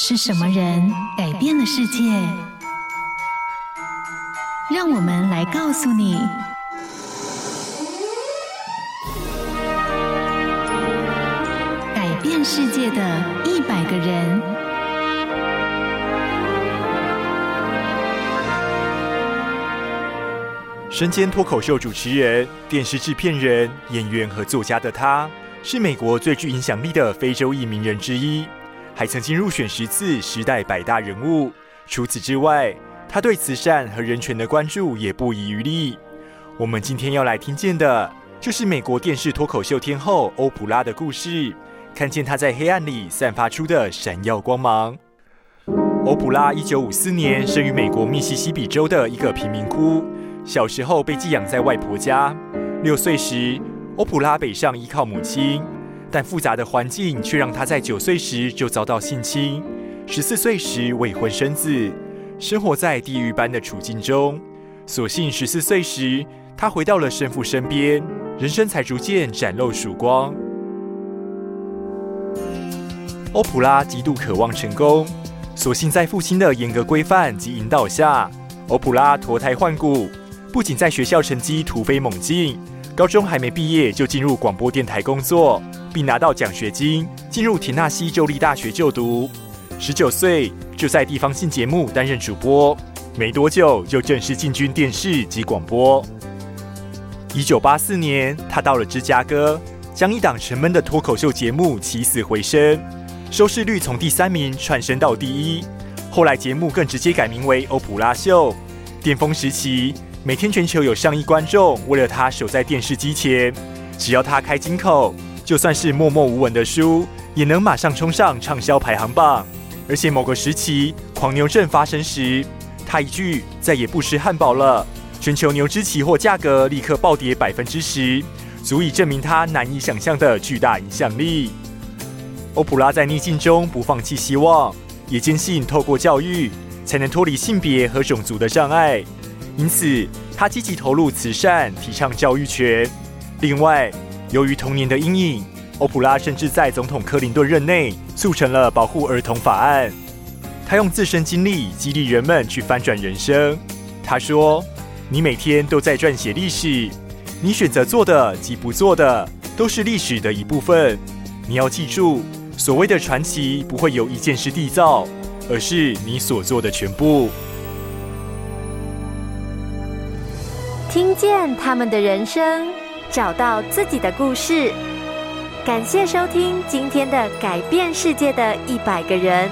是什麼人改變了世界？讓我們來告訴你：改變世界的一百個人。身兼脫口秀主持人、電視製片人、演員和作家的他，是美國最具影響力的非洲裔名人之一。還曾經入選十次時代百大人物。除此之外，她對慈善和人權的關注也不遺餘力。我們今天要來聽見的就是美國電視脫口秀天后歐普拉的故事，看見她在黑暗裡散發出的閃耀光芒。歐普拉一九五四年生於美國密西西比州的一個貧民窟，小時候被寄養在外婆家。六歲時，歐普拉北上依靠母親。但複雜的環境卻讓他在九歲時就遭到性侵，十四歲時未婚生子，生活在地獄般的處境中。所幸十四歲時，他回到了生父身邊，人生才逐漸展露曙光。歐普拉極度渴望成功，所幸在父親的嚴格規範及引導下，歐普拉脫胎換骨，不僅在學校成績突飛猛進，高中還沒畢業就進入廣播電台工作。並拿到獎學金，進入田納西州立大學就讀。十九歲就在地方性節目擔任主播，沒多久就正式進軍電視及廣播。一九八四年，他到了芝加哥，將一檔沉悶的脫口秀節目起死回生，收視率從第三名竄升到第一。後來節目更直接改名為《歐普拉秀》。巔峰時期，每天全球有上億觀眾為了他守在電視機前，只要他開金口。就算是默默無聞的書，也能馬上衝上暢銷排行榜。而且某個時期，狂牛症發生時，他一句再也不吃漢堡了，全球牛脂期貨價格立刻暴跌百分之十，足以證明他難以想象的巨大影響力。歐普拉在逆境中不放棄希望，也堅信透過教育才能脫離性別和種族的障礙，因此他積極投入慈善，提倡教育權。另外，由於童年的陰影，歐普拉甚至在總統克林頓任內促成了保護兒童法案。他用自身經歷激勵人們去翻轉人生。他說：“你每天都在撰寫歷史，你選擇做的及不做的都是歷史的一部分。你要記住，所謂的傳奇不會由一件事締造，而是你所做的全部。”聽見他們的人生。找到自己的故事。感謝收聽今天的《改變世界的一百個人》。